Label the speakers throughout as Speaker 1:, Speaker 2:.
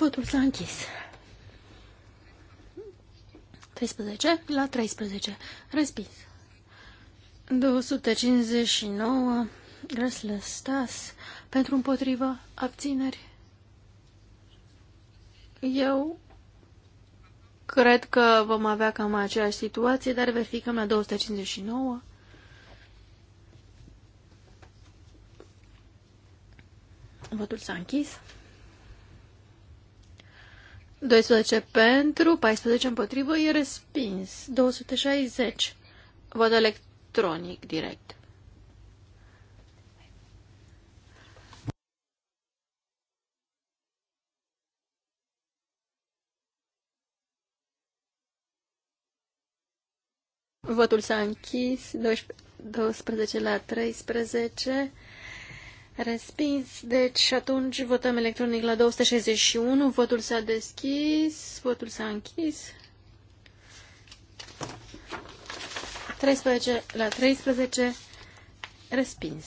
Speaker 1: capătul s-a închis. 13 la 13. Respins. 259. Grăslă stas. Pentru împotrivă. Abțineri. Eu cred că vom avea cam aceeași situație, dar verificăm la 259. Votul s-a închis. 12 pentru, 14 împotrivă, e respins. 260. Vot electronic direct. Votul s-a închis, 12, 12 la 13, Respins. Deci atunci votăm electronic la 261. Votul s-a deschis. Votul s-a închis. 13 la 13. Respins.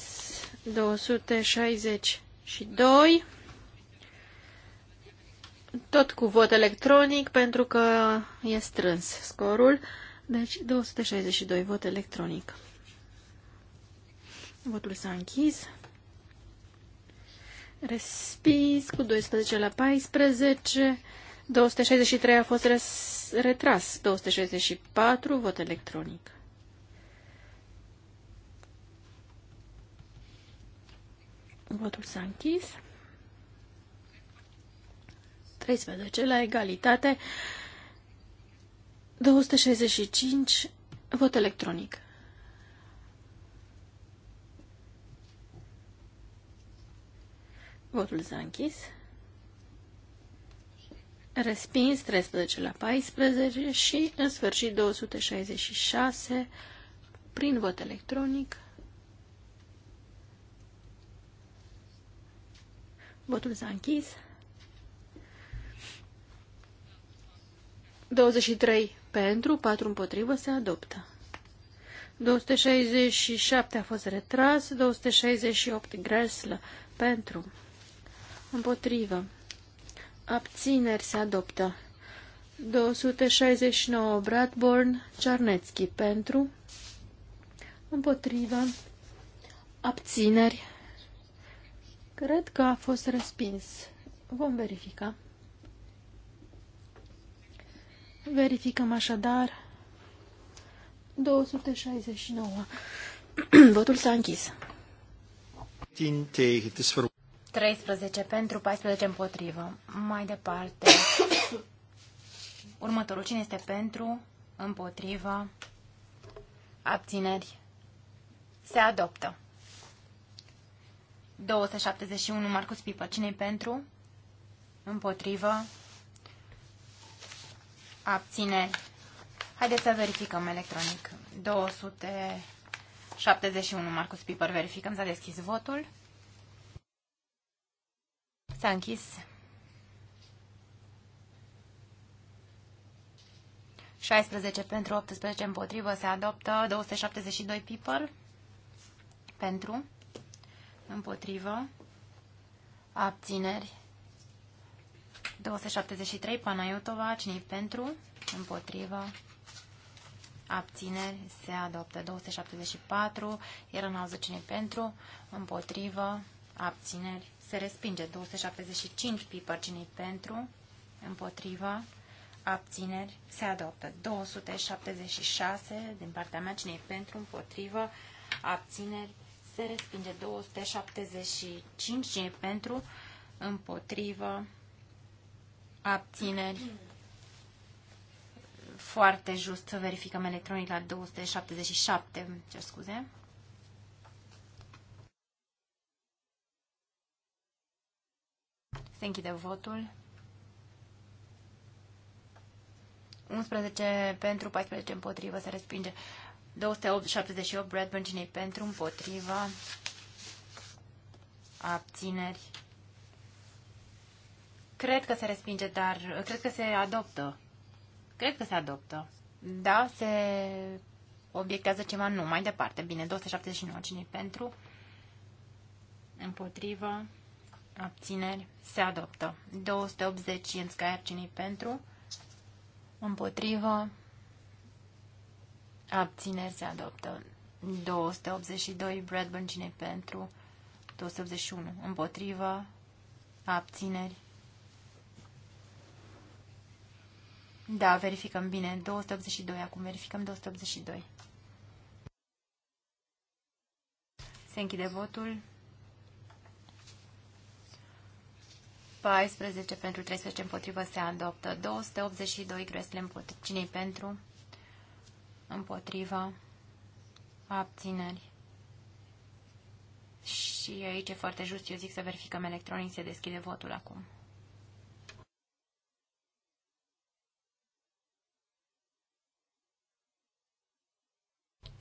Speaker 1: 262. Tot cu vot electronic pentru că e strâns scorul. Deci 262 vot electronic. Votul s-a închis. Respins cu 12 la 14. 263 a fost retras. 264 vot electronic. Votul s-a închis. 13 la egalitate. 265 vot electronic. Votul s-a închis. Respins 13 la 14 și, în sfârșit, 266 prin vot electronic. Votul s-a închis. 23 pentru, 4 împotrivă, se adoptă. 267 a fost retras, 268 greslă pentru, Împotrivă. Abțineri se adoptă. 269 Bradborn, Czarnecki, pentru. Împotrivă. Abțineri. Cred că a fost respins. Vom verifica. Verificăm așadar 269. Votul s-a închis.
Speaker 2: 13 pentru, 14 împotrivă. Mai departe. Următorul. Cine este pentru? Împotrivă. Abțineri. Se adoptă. 271. Marcus Piper. cine pentru? Împotrivă. Abțineri. Haideți să verificăm electronic. 271. Marcus Piper. Verificăm. S-a deschis votul. S-a închis. șaisprezece pentru, 18 împotrivă, se adoptă 272 people pentru, împotrivă, abțineri, 273 Panayotova, cine pentru, împotrivă, abțineri, se adoptă 274, era cine pentru, împotrivă, abțineri, se respinge. 275 piper pentru, împotriva, abțineri, se adoptă. 276 din partea mea cine pentru, împotriva, abțineri, se respinge. 275 cine pentru, împotrivă, abțineri, foarte just să verificăm electronic la 277, ce scuze. Se închide votul. 11 pentru, 14 împotrivă, se respinge. 278, Bradburn, cine pentru, împotriva, abțineri. Cred că se respinge, dar cred că se adoptă. Cred că se adoptă. Da, se obiectează ceva nu, mai departe. Bine, 279, cine pentru, împotrivă, abțineri, se adoptă. 280 în Gaier, pentru, împotrivă, abțineri, se adoptă. 282 Bradburn, cine pentru, 281 împotrivă, abțineri. Da, verificăm bine. 282 acum. Verificăm 282. Se închide votul. 14 pentru 13 împotrivă se adoptă. 282 Gresle împotrivă. cine pentru? Împotriva. Abțineri. Și aici e foarte just. Eu zic să verificăm electronic. Se deschide votul acum.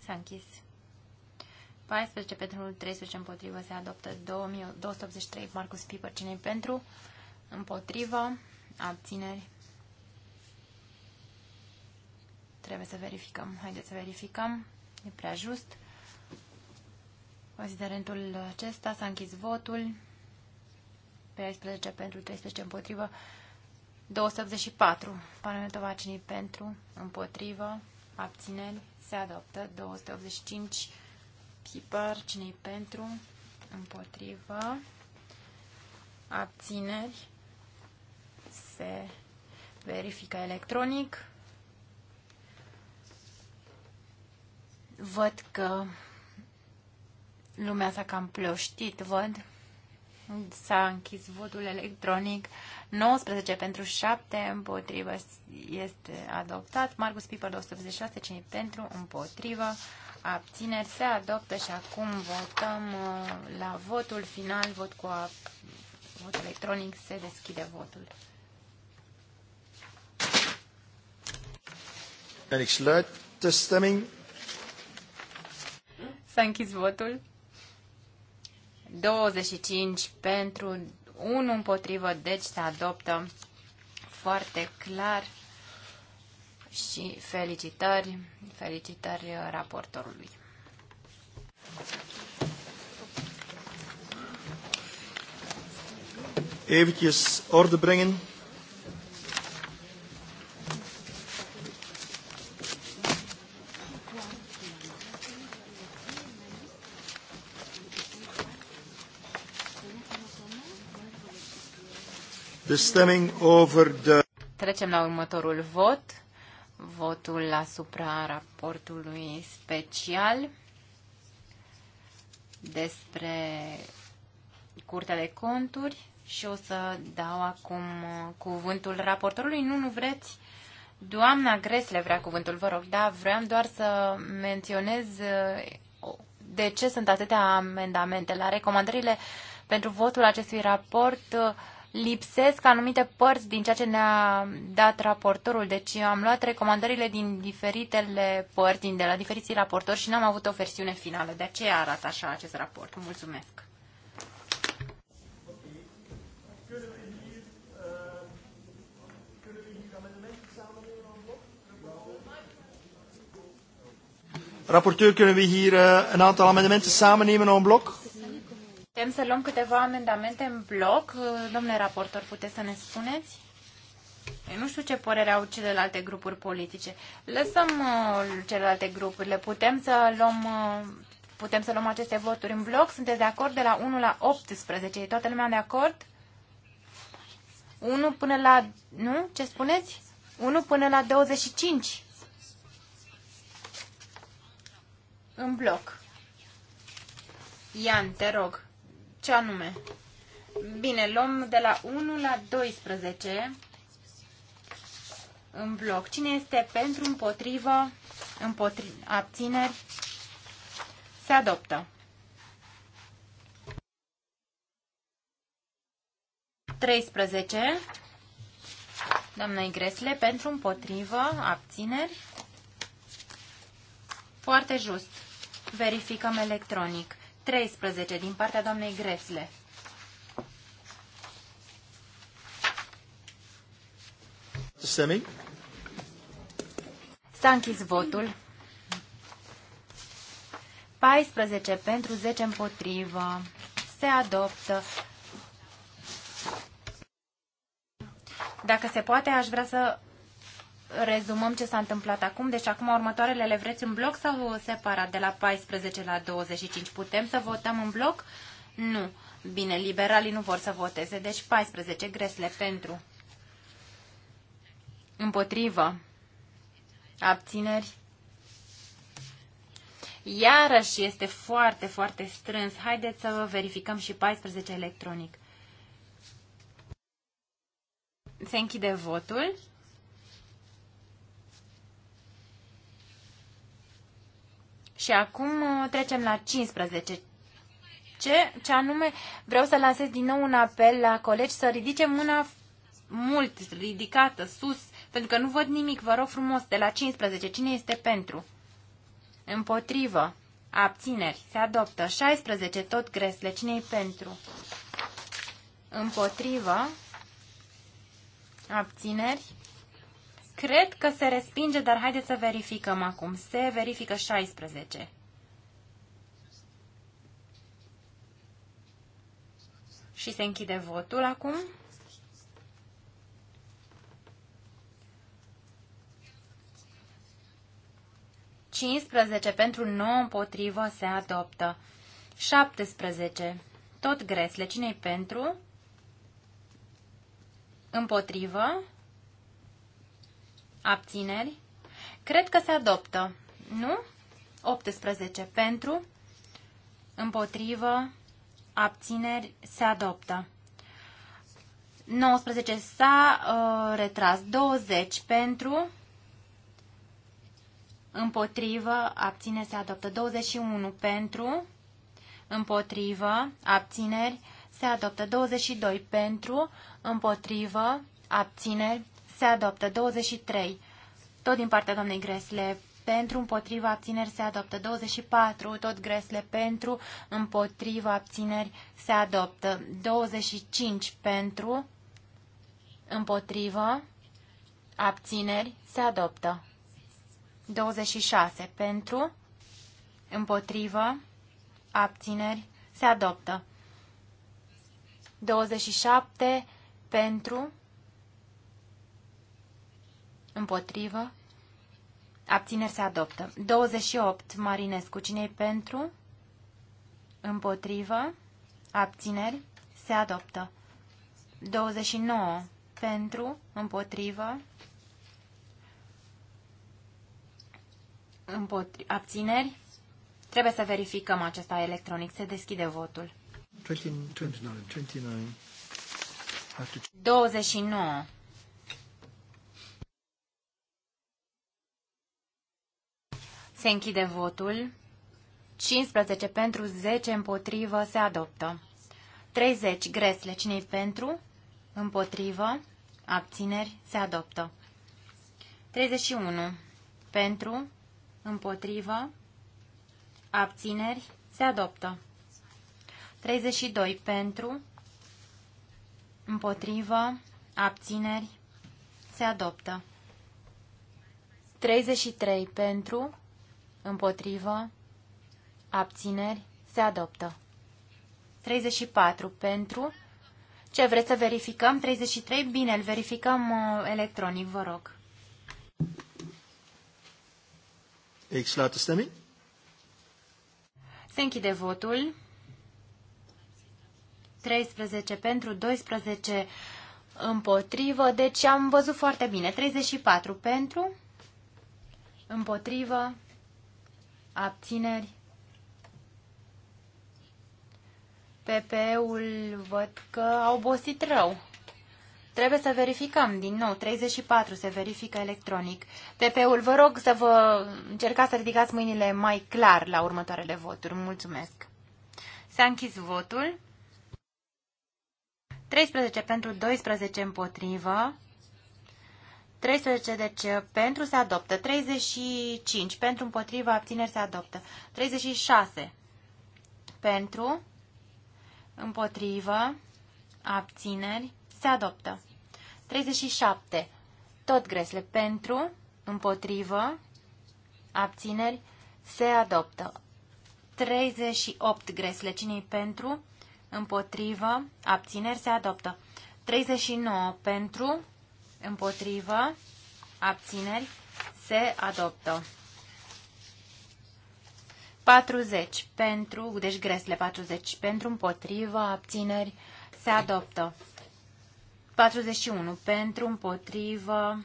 Speaker 2: S-a închis. 14 pentru 13 împotrivă se adoptă 2283 Marcus Piper. cine pentru? Împotrivă. Abțineri. Trebuie să verificăm. Haideți să verificăm. E prea just. Considerentul acesta s-a închis votul. 13 pentru, 13 împotrivă. 284. Parlamentul vaccinii pentru, împotrivă, abțineri, se adoptă. 285. Piper, cine pentru, împotrivă, abțineri, se verifică electronic. Văd că lumea s-a cam plăștit, văd. S-a închis votul electronic. 19 pentru 7 împotrivă este adoptat. Marcus Piper 286, pentru, împotrivă. Abțineri se adoptă și acum votăm uh, la votul final, vot cu a... vot electronic, se deschide votul. En ik sluit de stemming. S-a votul. 25 pentru, 1 împotrivă, deci se adoptă foarte clar și felicitări, felicitări raportorului.
Speaker 1: Eventjes orde brengen. De stemming over the...
Speaker 2: Trecem la următorul vot. Votul asupra raportului special despre Curtea de Conturi și o să dau acum cuvântul raportorului. Nu, nu vreți? Doamna Gresle vrea cuvântul, vă rog. Da, vreau doar să menționez uh, de ce sunt atâtea amendamente. La recomandările pentru votul acestui raport uh, lipsesc anumite părți din ceea ce ne-a dat raportorul. Deci am luat recomandările din diferitele părți, din de la diferiții raportori și n-am avut o versiune finală. De aceea arată așa acest raport. Mulțumesc!
Speaker 3: Rapporteur, kunnen
Speaker 1: we hier uh, een aantal amendementen samennemen en blok?
Speaker 2: Putem să luăm câteva amendamente în bloc? Domnule raportor, puteți să ne spuneți? Eu nu știu ce părere au celelalte grupuri politice. Lăsăm uh, celelalte grupuri. Le putem să luăm uh, putem să luăm aceste voturi în bloc. Sunteți de acord de la 1 la 18? E toată lumea de acord? 1 până la... Nu? Ce spuneți? 1 până la 25. În bloc. Ian, te rog. Ce anume? Bine, luăm de la 1 la 12 în bloc. Cine este pentru, împotrivă, împotri abțineri? Se adoptă. Treisprezece. Doamna Igresle, pentru împotrivă, abțineri. Foarte just. Verificăm electronic. 13 din partea doamnei Gresle. S-a închis votul. 14 pentru 10 împotrivă. Se adoptă. Dacă se poate, aș vrea să rezumăm ce s-a întâmplat acum. Deci acum următoarele le vreți în bloc sau separat de la 14 la 25? Putem să votăm în bloc? Nu. Bine, liberalii nu vor să voteze. Deci 14 gresle pentru. Împotrivă. Abțineri. Iarăși este foarte, foarte strâns. Haideți să verificăm și 14 electronic. Se închide votul. Și acum uh, trecem la 15. Ce, ce anume, vreau să lansez din nou un apel la colegi să ridice mâna mult ridicată, sus, pentru că nu văd nimic. Vă rog frumos, de la 15, cine este pentru? Împotrivă. Abțineri. Se adoptă. 16, tot gresle. cine pentru? Împotrivă. Abțineri. Cred că se respinge, dar haideți să verificăm acum. Se verifică 16. Și se închide votul acum. Cincisprezece pentru 9 împotrivă se adoptă. 17. Tot gresle. Cine-i pentru? Împotrivă. Abțineri. Cred că se adoptă. Nu? 18 pentru. Împotrivă. Abțineri. Se adoptă. 19 s-a uh, retras. 20 pentru. Împotrivă. Abțineri? Se adoptă. 21 pentru. Împotrivă. Abțineri. Se adoptă. 22 pentru. Împotrivă. Abțineri se adoptă. 23, tot din partea doamnei Gresle, pentru, împotriva, abțineri, se adoptă. 24, tot Gresle, pentru, împotriva, abțineri, se adoptă. 25, pentru, împotriva, abțineri, se adoptă. 26, pentru, împotriva abțineri, se adoptă. 27, pentru, Împotrivă. Abțineri se adoptă. 28. Marinescu. Cine-i pentru? Împotrivă. Abțineri se adoptă. 29. Pentru. Împotrivă. Împotri abțineri. Trebuie să verificăm acesta electronic. Se deschide votul.
Speaker 1: 29.
Speaker 2: 29. 29. Se închide votul. 15 pentru, 10 împotrivă, se adoptă. 30. Gresle. cine pentru? Împotrivă. Abțineri. Se adoptă. 31. Pentru. Împotrivă. Abțineri. Se adoptă. 32. Pentru. Împotrivă. Abțineri. Se adoptă. 33. Pentru. Împotrivă. Abțineri. Se adoptă. 34 pentru. Ce vreți să verificăm? 33? Bine, îl verificăm uh, electronic, vă rog.
Speaker 1: Ik sluit de stemming.
Speaker 2: Se închide votul. 13 pentru, 12 împotrivă, deci am văzut foarte bine. 34 pentru, împotrivă, abțineri. PP-ul văd că a obosit rău. Trebuie să verificăm din nou. 34 se verifică electronic. PP-ul, vă rog să vă încercați să ridicați mâinile mai clar la următoarele voturi. Mulțumesc. S-a închis votul. 13 pentru 12 împotrivă. 13, deci pentru se adoptă. 35, pentru împotriva abțineri se adoptă. 36, pentru împotrivă abțineri se adoptă. 37, tot gresle, pentru împotrivă abțineri se adoptă. 38 gresle, cine pentru împotrivă abțineri se adoptă. 39 pentru împotrivă, abțineri, se adoptă. 40 pentru, deci gresle 40 pentru, împotrivă, abțineri, se adoptă. 41 pentru, împotrivă,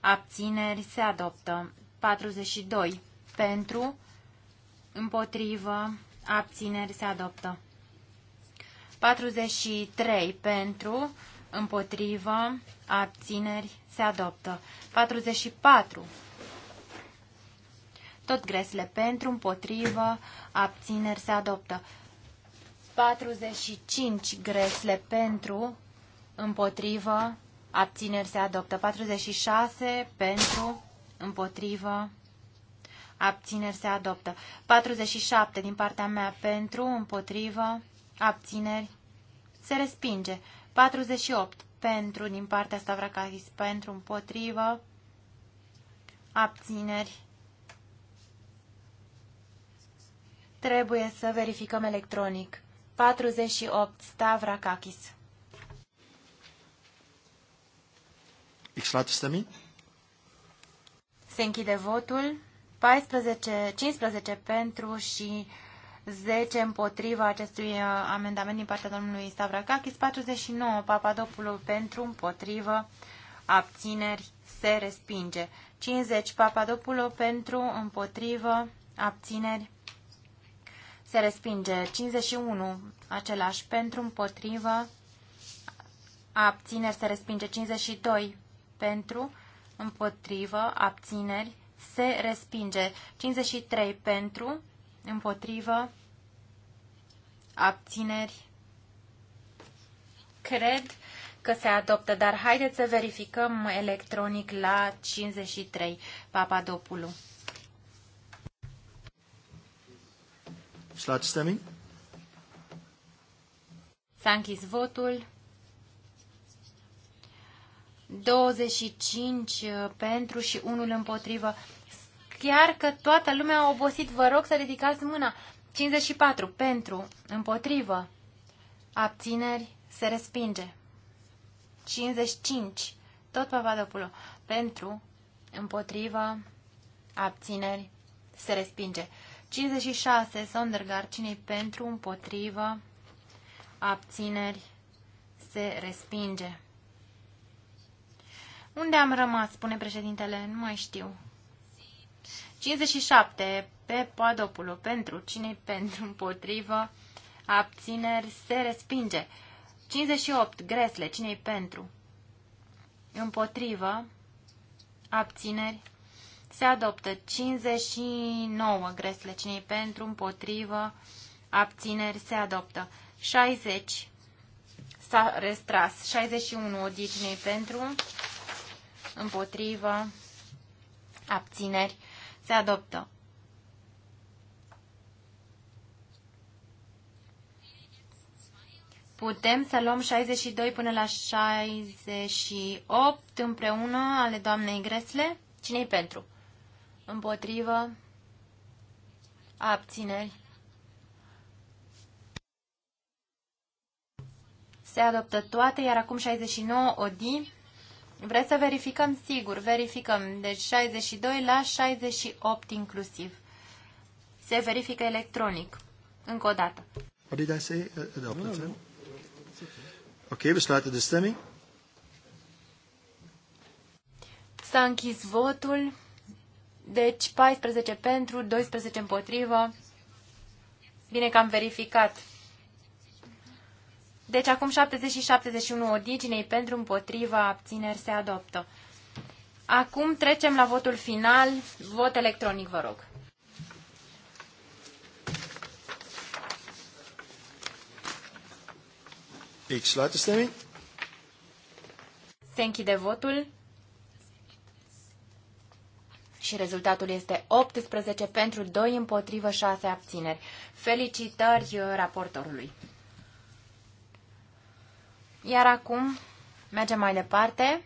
Speaker 2: abțineri, se adoptă. 42 pentru, împotrivă, abțineri, se adoptă. 43 pentru, împotrivă, abțineri, se adoptă. 44. Tot gresle pentru, împotrivă, abțineri, se adoptă. 45 gresle pentru, împotrivă, abțineri, se adoptă. 46 pentru, împotrivă, abțineri, se adoptă. 47 din partea mea pentru, împotrivă, abțineri, se respinge. 48 pentru din partea Stavrakakis, pentru împotrivă, abțineri. Trebuie să verificăm electronic. 48 Stavrakakis. Ich lade stemmi. Se închide votul. 14, 15 pentru și 10 împotriva acestui uh, amendament din partea domnului Stavrakakis, 49 Papadopoulou pentru, împotrivă, abțineri, se respinge. 50 Papadopoulou pentru, împotrivă, abțineri, se respinge. 51 același pentru, împotrivă, abțineri, se respinge. 52 pentru, împotrivă, abțineri, se respinge. 53 pentru, Împotrivă. Abțineri. Cred că se adoptă, dar haideți să verificăm electronic la 53, Papadopoulou.
Speaker 1: Slotstemming.
Speaker 2: S-a închis votul. 25 pentru și unul împotrivă chiar că toată lumea a obosit. Vă rog să ridicați mâna. 54. Pentru. Împotrivă. Abțineri. Se respinge. 55. Tot Papadopulo. Pentru. Împotrivă. Abțineri. Se respinge. 56. Sondergar. cine pentru? Împotrivă. Abțineri. Se respinge. Unde am rămas, spune președintele, nu mai știu. 57 pe Padopulo pentru cine pentru împotrivă abțineri se respinge. 58 Gresle cine pentru împotrivă abțineri se adoptă. 59 Gresle cine pentru împotrivă abțineri se adoptă. 60 s-a restras. 61 Odi cine pentru împotrivă abțineri se adoptă. Putem să luăm 62 până la 68 împreună ale doamnei Gresle? Cine-i pentru? Împotrivă? Abțineri? Se adoptă toate, iar acum 69 Odi Vreți să verificăm? Sigur, verificăm. Deci 62 la 68 inclusiv. Se verifică electronic. Încă o dată.
Speaker 1: What did I say? Adopted. Uh, uh, no, no. Ok, we started the stemming.
Speaker 2: S-a închis votul. Deci 14 pentru, 12 împotrivă. Bine că am verificat. Deci acum 70 și 71 originei pentru împotriva abțineri se adoptă. Acum trecem la votul final. Vot electronic, vă rog.
Speaker 3: X
Speaker 1: Latestemi.
Speaker 2: Se închide votul. Și rezultatul este 18 pentru 2 împotrivă 6 abțineri. Felicitări raportorului. Iar acum mergem mai departe.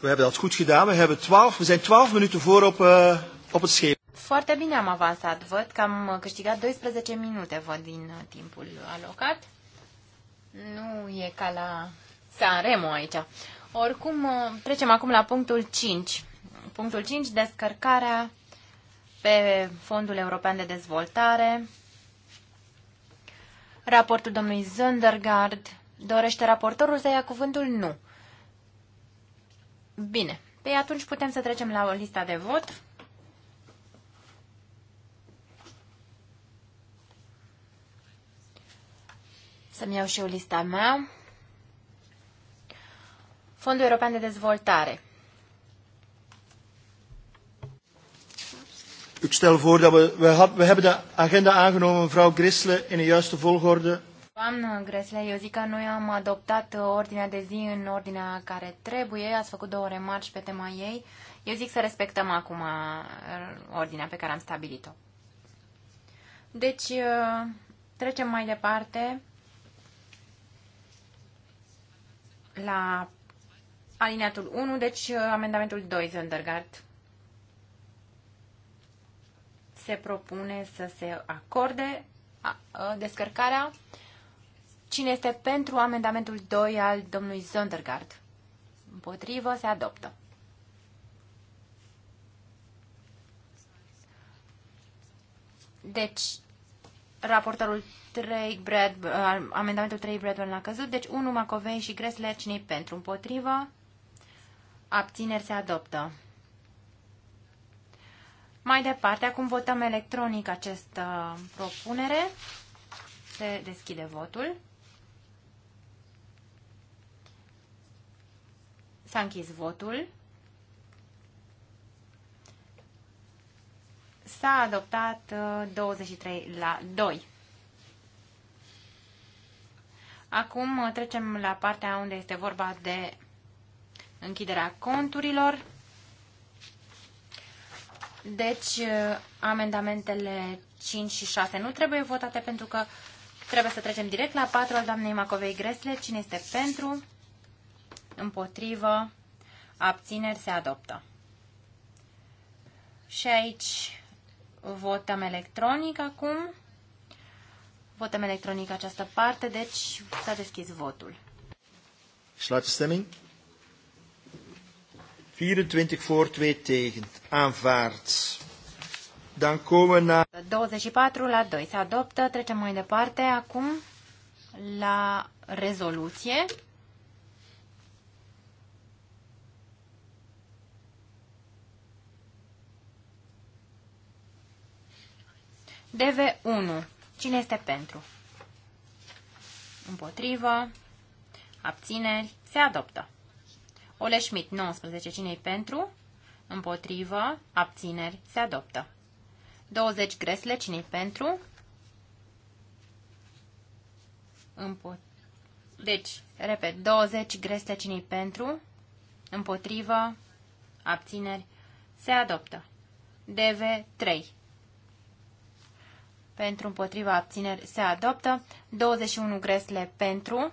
Speaker 1: We hebben dat goed gedaan. We, hebben 12, we zijn 12 minuten voor op, uh, op het schip.
Speaker 2: Foarte bine am avansat. Văd că am câștigat 12 minute, văd, din eh, timpul alocat. Nu e ca la Sanremo aici. Oricum, uh, trecem acum la punctul 5. Punctul 5, descărcarea pe Fondul European de Dezvoltare. Raportul domnului Zundergaard. Dorește raportorul să ia cuvântul? Nu. Bine. Păi atunci putem să trecem la lista de vot. Să-mi iau și eu lista mea. Fondul European de Dezvoltare.
Speaker 1: Ik stel voor dat we, we, had, we hebben de agenda aangenomen, mevrouw Grisle, in de juiste
Speaker 2: volgorde. Doamnă Gresle, eu zic că noi am adoptat uh, ordinea de zi în ordinea care trebuie, ați făcut două remarci pe tema ei. Eu zic să respectăm acum uh, ordinea pe care am stabilit-o. Deci, uh, trecem mai departe la Alineatul 1, deci uh, amendamentul 2, Zandergaard. se propune să se acorde uh, descărcarea. Cine este pentru amendamentul 2 al domnului Zandergaard? Împotrivă, se adoptă. Deci, raportorul 3, Brad, uh, amendamentul 3, Bradburn l-a căzut. Deci, 1, Macovei și Gressler, cine pentru? Împotrivă, Abțineri se adoptă. Mai departe, acum votăm electronic această propunere. Se deschide votul. S-a închis votul. S-a adoptat 23 uh, la 2. Acum uh, trecem la partea unde este vorba de închiderea conturilor. Deci, uh, amendamentele 5 și 6 nu trebuie votate pentru că trebuie să trecem direct la 4 al doamnei Macovei Gresle. Cine este pentru? Împotrivă? Abțineri? Se adoptă. Și aici votăm electronic acum. Votăm electronic această parte, deci s-a deschis votul.
Speaker 1: Schlossstemming? 24 voor, 2 tegen. Aanvaard. Dan komen naar...
Speaker 2: 24 la 2 se adoptă. Trecem mai departe acum la rezoluție. DV1. Cine este pentru? Împotrivă. Abțineri. Se adoptă. Ole Schmidt, 19. cine pentru? Împotrivă. Abțineri. Se adoptă. 20. Gresle. cine pentru? Împotrivă. Deci, repet, 20. Gresle. cine pentru? Împotrivă. Abțineri. Se adoptă. DV 3. Pentru împotriva abțineri se adoptă. 21 gresle pentru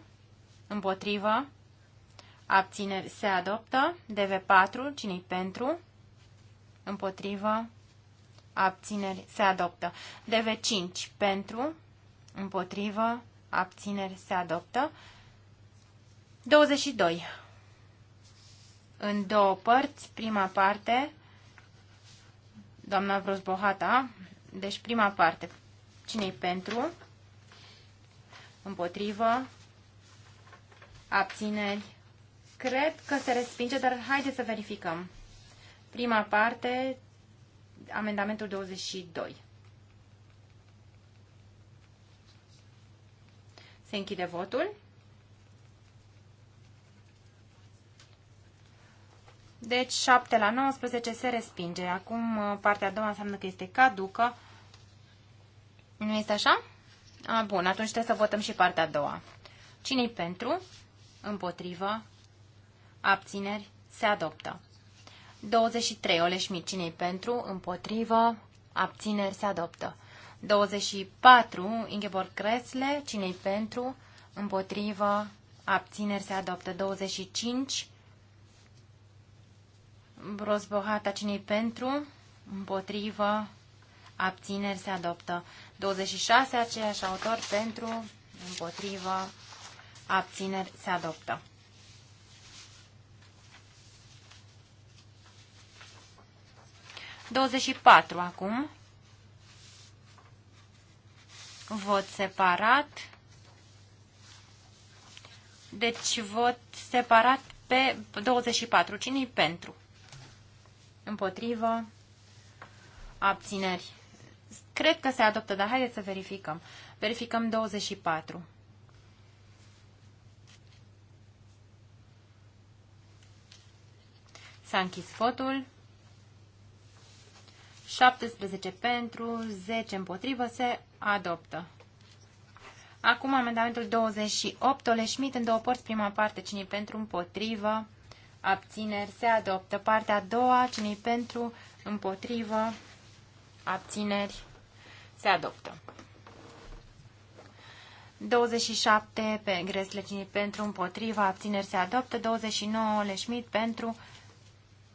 Speaker 2: împotriva abțineri se adoptă. DV4, cine pentru? Împotrivă, abțineri se adoptă. DV5, pentru? Împotrivă, abțineri se adoptă. 22. În două părți, prima parte, doamna Vrozbohata, deci prima parte, cine-i pentru, împotrivă, abțineri, Cred că se respinge, dar haideți să verificăm. Prima parte, amendamentul 22. Se închide votul. Deci 7 la 19 se respinge. Acum uh, partea a doua înseamnă că este caducă. Nu este așa? A, bun, atunci trebuie să votăm și partea a doua. Cine-i pentru? Împotrivă? abțineri, se adoptă. 23. Oleșmic, cine pentru, împotrivă, abțineri, se adoptă. 24. Ingeborg Cresle, cinei pentru, împotrivă, abțineri, se adoptă. 25. Brosbohata, cinei pentru, împotrivă, abțineri, se adoptă. 26. Aceeași autor pentru, împotrivă, abțineri, se adoptă. 24 acum. Vot separat. Deci vot separat pe 24. cine pentru? Împotrivă. Abțineri. Cred că se adoptă, dar haideți să verificăm. Verificăm 24. S-a închis votul. 17 pentru, 10 împotrivă, se adoptă. Acum amendamentul 28, Oleșmit, în două părți, prima parte, cine pentru, împotrivă, abțineri, se adoptă. Partea a doua, cine pentru, împotrivă, abțineri, se adoptă. 27 pe gresle cine pentru, împotrivă, abțineri se adoptă. 29 leșmit pentru,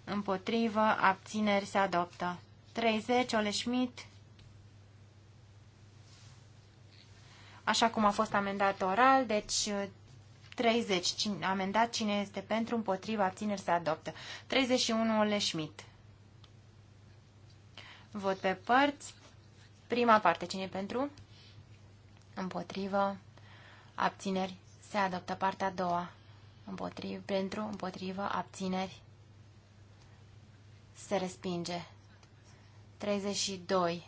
Speaker 2: împotrivă, abțineri se adoptă. 30, Ole Schmidt, așa cum a fost amendat oral, deci 30, uh, cine, amendat cine este pentru, împotriva, abțineri se adoptă. 31, Ole Schmidt. Vot pe părți. Prima parte, cine pentru? Împotrivă, abțineri, se adoptă partea a doua. Împotriv, pentru, împotrivă, abțineri, se respinge. 32,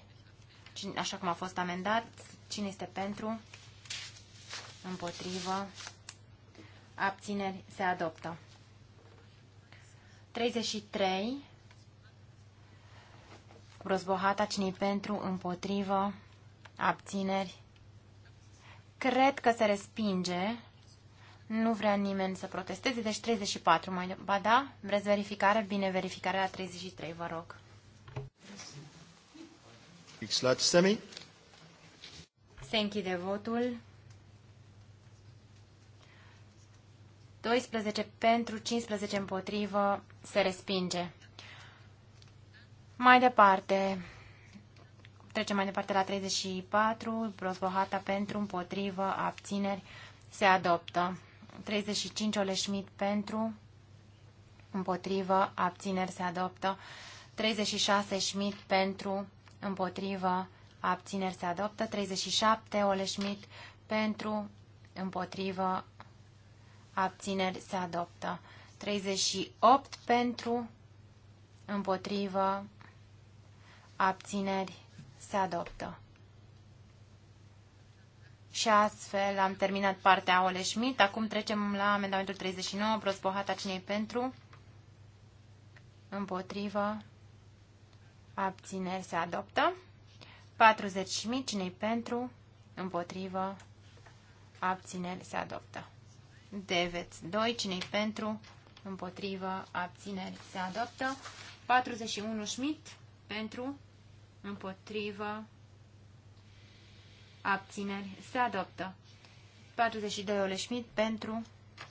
Speaker 2: așa cum a fost amendat, cine este pentru, împotrivă, abțineri, se adoptă. 33, Rozbohata, cine pentru, împotrivă, abțineri, cred că se respinge, nu vrea nimeni să protesteze, deci 34 mai... Ba da, vreți verificare? Bine, verificare la 33, vă rog.
Speaker 1: X-Lat Se
Speaker 2: închide votul. 12 pentru, 15 împotrivă, se respinge. Mai departe, trecem mai departe la 34, prosbohata pentru, împotrivă, abțineri, se adoptă. 35, Oleșmit pentru, împotrivă, abțineri, se adoptă. 36, Schmidt pentru, împotrivă, abțineri se adoptă. 37, Oleșmit, pentru, împotrivă, abțineri se adoptă. 38, pentru, împotrivă, abțineri se adoptă. Și astfel am terminat partea Oleșmit, Acum trecem la amendamentul 39, prospohata cinei pentru, împotrivă, abțineri se adoptă. 40 cine pentru, împotrivă, abțineri se adoptă. Deveți 2, cine pentru, împotrivă, abțineri se adoptă. 41 Schmidt, pentru, împotrivă, abțineri se adoptă. 42 Ole Schmidt, pentru,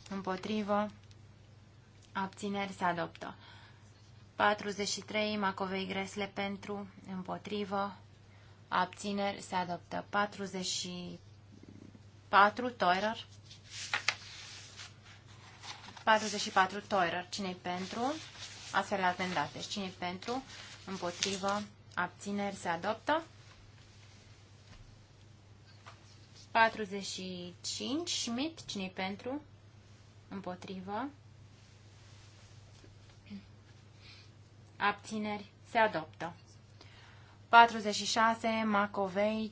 Speaker 2: împotrivă, abțineri se adoptă. 43 Macovei Gresle pentru, împotrivă, abțineri se adoptă. 44 Toirer. 44 Toirer. Cine-i pentru? Astfel amendate. Cine-i pentru? Împotrivă, abțineri se adoptă. 45 Schmidt. Cine-i pentru? Împotrivă, abțineri, se adoptă. 46, Macovei.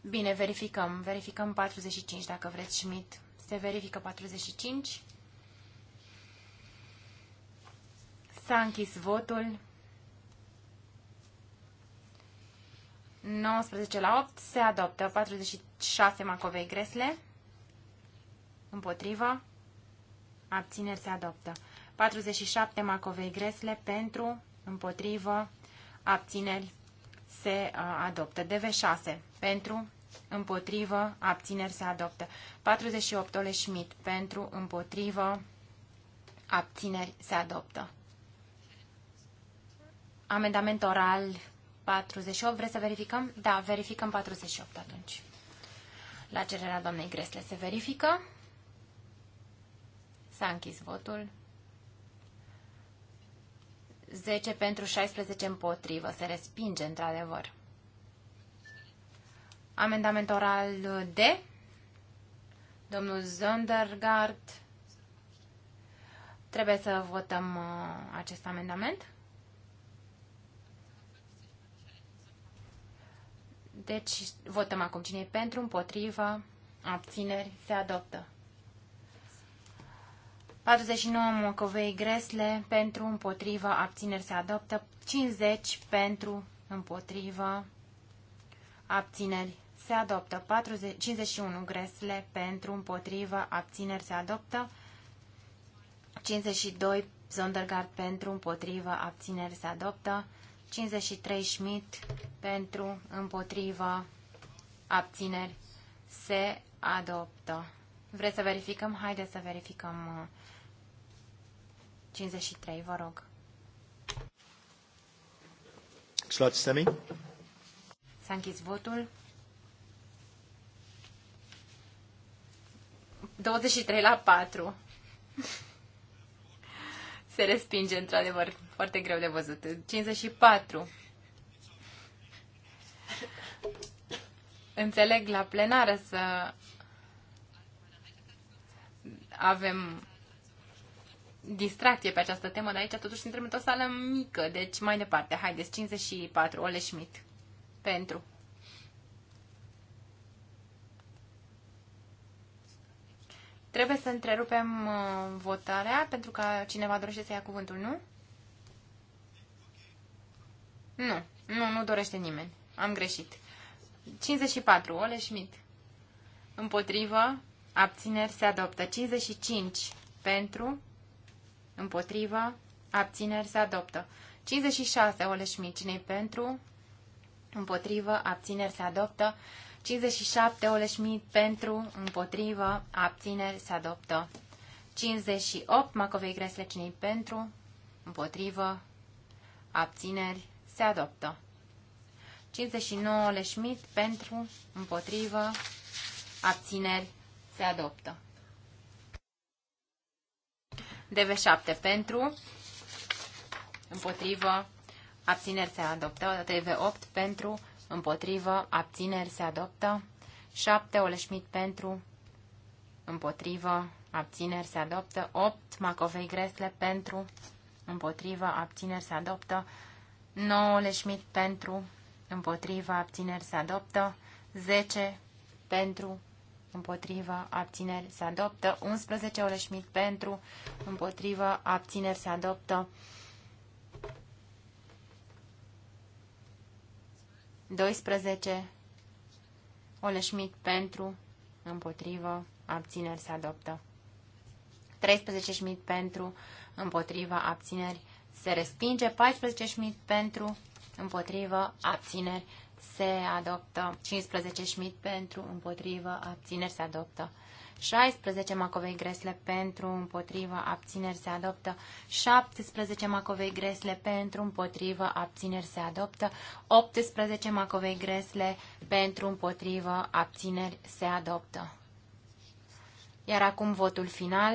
Speaker 2: Bine, verificăm. Verificăm 45, dacă vreți, Schmidt. Se verifică 45. S-a închis votul. 19 la 8 se adoptă. 46 Macovei Gresle. Împotriva. Abțineri se adoptă. 47 Macovei Gresle pentru, împotrivă, abțineri se adoptă. DV6 pentru, împotrivă, abțineri se adoptă. 48 Ole Schmidt pentru, împotrivă, abțineri se adoptă. Amendament oral 48. Vreți să verificăm? Da, verificăm 48 atunci. La cererea doamnei Gresle se verifică. S-a închis votul. 10 pentru 16 împotrivă. Se respinge, într-adevăr. Amendament oral D. Domnul Zondergaard. Trebuie să votăm uh, acest amendament. Deci, votăm acum cine e pentru, împotrivă, abțineri, se adoptă. 49 Mocovei Gresle pentru împotriva abțineri se adoptă. 50 pentru împotriva abțineri se adoptă. 40, 51 Gresle pentru împotriva abțineri se adoptă. 52 Zondergaard pentru împotriva abțineri se adoptă. 53 Schmidt pentru împotriva abțineri se adoptă. Vreți să verificăm? Haideți să verificăm uh, 53, vă rog. Schloss deci stemming. S-a închis votul. 23 la 4. Se respinge, într-adevăr, foarte greu de văzut. 54. Înțeleg la plenară să avem distracție pe această temă, dar aici totuși suntem într-o sală mică, deci mai departe. Haideți, 54, Ole Schmidt. Pentru. Trebuie să întrerupem uh, votarea pentru că cineva dorește să ia cuvântul, nu? Nu, nu, nu dorește nimeni. Am greșit. 54, Ole Schmidt. Împotrivă, abțineri se adoptă. 55 pentru, Împotrivă. Abțineri se adoptă. 56. Ole cine pentru? Împotrivă. Abțineri se adoptă. 57. Ole Pentru. Împotrivă. Abțineri se adoptă. 58. Macovei Gresle. cine pentru? Împotrivă. Abțineri se adoptă. 59. Ole Pentru. Împotrivă. Abțineri se adoptă. DV7 pentru, împotrivă, abțineri se adoptă. DV8 pentru, împotrivă, abțineri se adoptă. 7 Oleșmit pentru, împotrivă, abțineri se adoptă. 8 Macovei Gresle pentru, împotrivă, abțineri se adoptă. 9 Oleșmit pentru, împotrivă, abțineri se adoptă. 10 pentru, împotriva, abțineri, se adoptă. 11, Oleșmit pentru, împotriva, abțineri, se adoptă. 12, Oleșmit pentru, împotrivă, abțineri, se adoptă. 13 Schmidt pentru, împotriva, abțineri, se respinge. 14 Schmidt pentru, împotrivă, abțineri, se adoptă. 15 Schmidt pentru, împotrivă, abțineri se adoptă. 16 Macovei Gresle pentru, împotrivă, abțineri se adoptă. 17 Macovei Gresle pentru, împotrivă, abțineri se adoptă. 18 Macovei Gresle pentru, împotrivă, abțineri se adoptă. Iar acum votul final.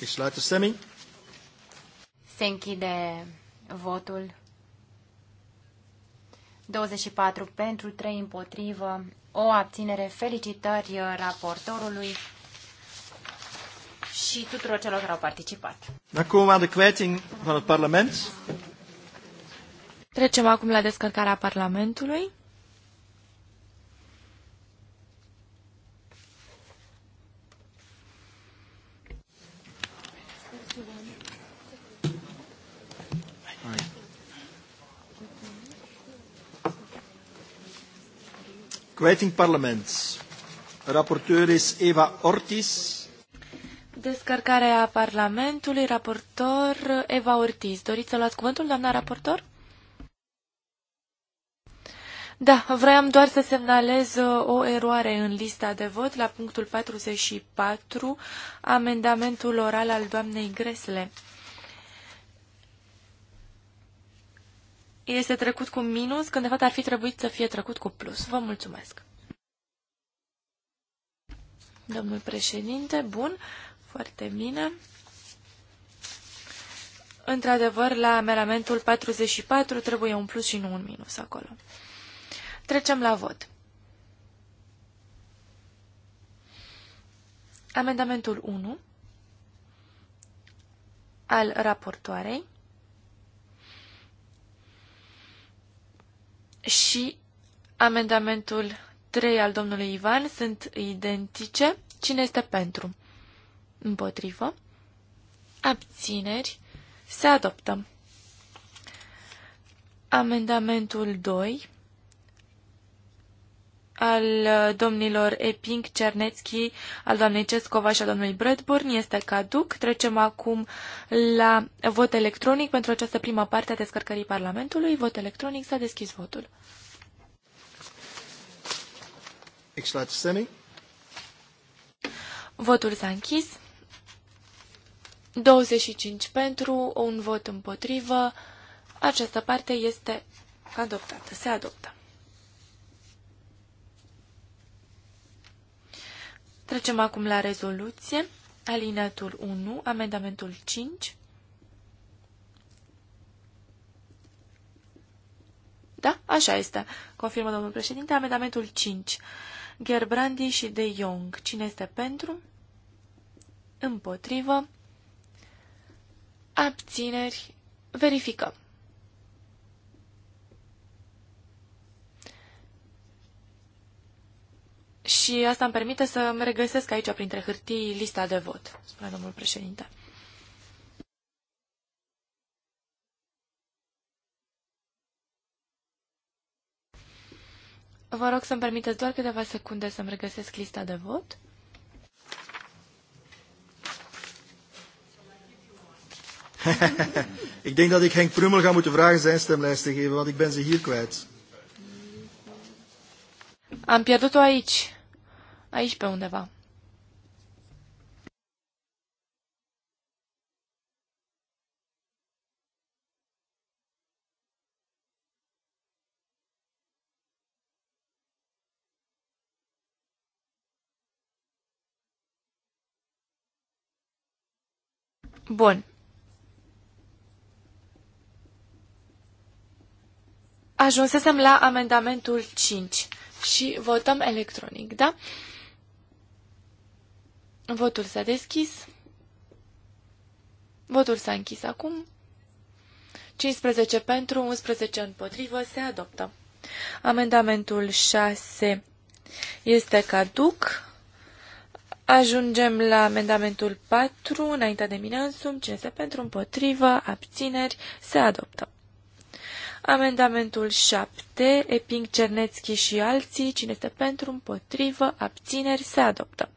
Speaker 1: Ich leite Stemming.
Speaker 2: Se închide votul. 24 pentru, 3 împotrivă, o abținere. Felicitări uh, raportorului și tuturor celor care au participat.
Speaker 1: Acum, de kwijting van het parlement.
Speaker 3: Trecem acum la descărcarea Parlamentului.
Speaker 1: Kwijting parlement. Raporteur is Eva Ortiz.
Speaker 3: Descărcarea Parlamentului, raportor Eva Ortiz. Doriți să luați cuvântul, doamna raportor? Da, vroiam doar să semnalez uh, o eroare în lista de vot la punctul 44, amendamentul oral al doamnei Gresle. este trecut cu minus, când de fapt ar fi trebuit să fie trecut cu plus. Vă mulțumesc. Domnul președinte, bun, foarte bine. Într-adevăr, la amendamentul 44 trebuie un plus și nu un minus acolo. Trecem la vot. Amendamentul 1 al raportoarei. și amendamentul 3 al domnului Ivan sunt identice. Cine este pentru? Împotrivă. Abțineri. Se adoptă. Amendamentul 2 al uh, domnilor Eping, Cernețchi, al doamnei Cescova și al domnului Bradburn este caduc. Trecem acum la vot electronic pentru această prima parte a descărcării Parlamentului. Vot electronic, s-a deschis votul. Votul s-a închis. 25 pentru, un vot împotrivă. Această parte este adoptată, se adoptă. Trecem acum la rezoluție. Alineatul 1, amendamentul 5. Da, așa este, confirmă domnul președinte. Amendamentul 5. Gerbrandi și De Jong. Cine este pentru? Împotrivă. Abțineri. Verificăm. și asta îmi permite să îmi regăsesc aici printre hârtii lista de vot, spune domnul președinte. Vă rog să-mi permiteți doar câteva secunde să-mi regăsesc lista de vot.
Speaker 1: ik denk dat ik Henk Prummel ga moeten vragen zijn stemlijst te geven, want ik ben ze hier kwijt.
Speaker 3: Am pierdut-o aici aici pe undeva. Bun. Ajunsesem la amendamentul 5 și votăm electronic, da? Votul s-a deschis. Votul s-a închis acum. 15 pentru, 11 împotrivă, se adoptă. Amendamentul 6 este caduc. Ajungem la amendamentul 4, înaintea de mine însumi, cine pentru, împotrivă, abțineri, se adoptă. Amendamentul 7, Eping, Cernețchi și alții, cine este pentru, împotrivă, abțineri, se adoptă.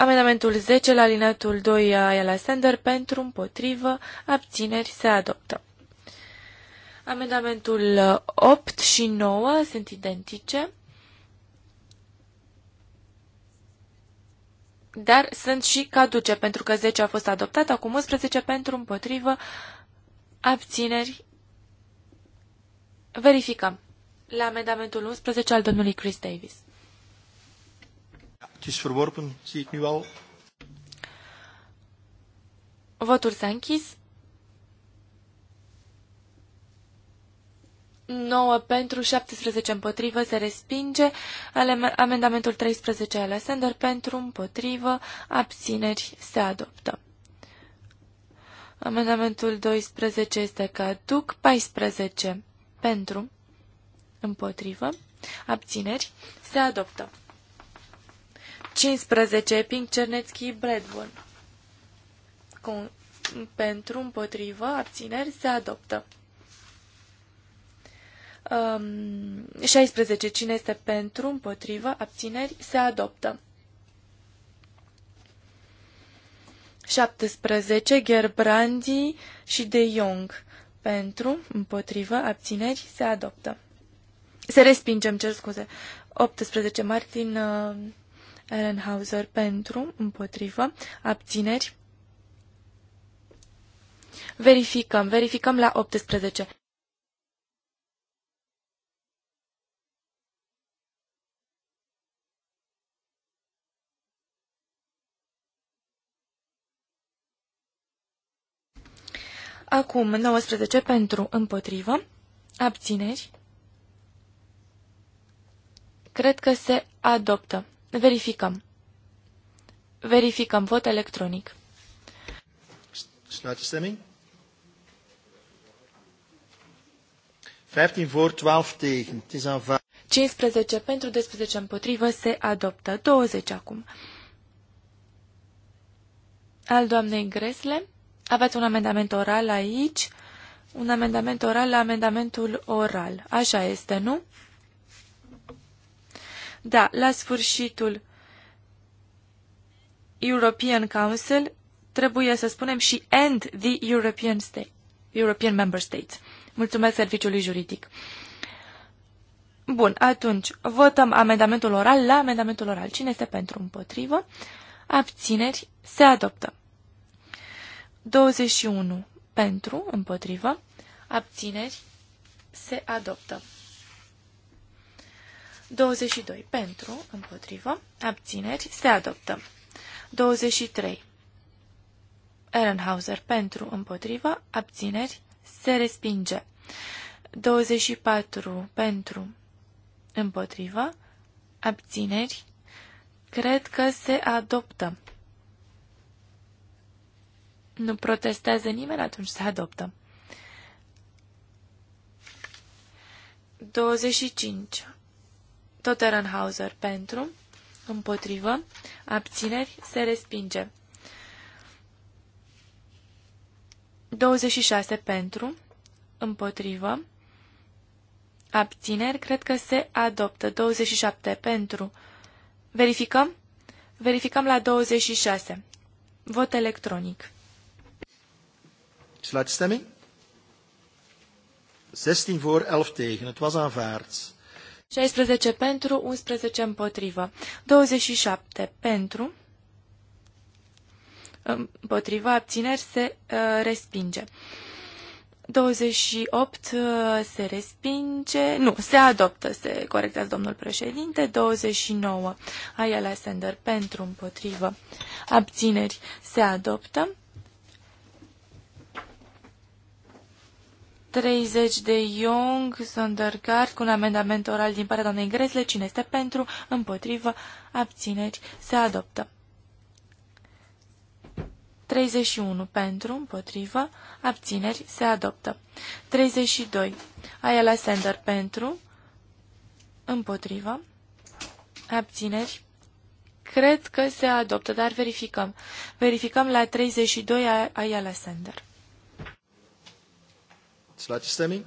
Speaker 3: Amendamentul 10 la alineatul 2 a Alexander pentru împotrivă abțineri se adoptă. Amendamentul 8 și 9 sunt identice, dar sunt și caduce, pentru că 10 a fost adoptat, acum 11 pentru împotrivă abțineri. Verificăm. La amendamentul 11 al domnului Chris Davis.
Speaker 1: Het is verworpen, zie ik nu al.
Speaker 3: Votul s-a închis. 9 pentru, 17 împotrivă, se respinge. Amendamentul 13 al Sender pentru, împotrivă, abțineri, se adoptă. Amendamentul 12 este caduc, 14 pentru, împotrivă, abțineri, se adoptă. 15, Pink, Cernetski, Bradburn. Con pentru, împotrivă, abțineri, se adoptă. Um, 16. Cine este pentru, împotrivă, abțineri, se adoptă. 17. Gerbrandi și De Jong. Pentru, împotrivă, abțineri, se adoptă. Se respingem, cer scuze. 18. Martin uh, Ellenhauser pentru, împotrivă, abțineri. Verificăm, verificăm la 18. Acum 19 pentru împotrivă, abțineri. Cred că se adoptă. Verificăm. Verificăm vot electronic.
Speaker 1: stemming. 15 voor, 12 tegen.
Speaker 3: 15 pentru, 12 împotrivă, se adoptă. 20 acum. Al doamnei Gresle, aveți un amendament oral aici, un amendament oral la amendamentul oral. Așa este, nu? Da, la sfârșitul European Council trebuie să spunem și end the European, state, European Member States. Mulțumesc serviciului juridic. Bun, atunci votăm amendamentul oral la amendamentul oral. Cine este pentru împotrivă? Abțineri se adoptă. 21 pentru împotrivă. Abțineri se adoptă. 22 pentru, împotrivă, abțineri, se adoptă. 23. Ehrenhauser pentru, împotrivă, abțineri, se respinge. 24 pentru, împotrivă, abțineri, cred că se adoptă. Nu protestează nimeni, atunci se adoptă. 25 Totterenhauser pentru, împotrivă, abțineri, se respinge. 26 pentru, împotrivă, abțineri, cred că se adoptă. 27 pentru. Verificăm? Verificăm la 26. Vot electronic.
Speaker 2: Sluitstemming. Er
Speaker 1: 16 voor, 11 tegen. Het was aanvaard.
Speaker 3: 16 pentru, 11 împotrivă. 27 pentru, împotrivă, abțineri se uh, respinge. 28 uh, se respinge, nu, se adoptă, se corectează domnul președinte, 29 la Sender pentru împotrivă abțineri se adoptă, 30 de Young, Sondergaard, cu un amendament oral din partea doamnei Gresle. Cine este pentru? Împotrivă? Abțineri? Se adoptă. 31. Pentru, împotrivă, abțineri, se adoptă. 32. Ayala Sender pentru, împotrivă, abțineri, cred că se adoptă, dar verificăm. Verificăm la 32 Ayala Sender.
Speaker 1: Sluitstemming.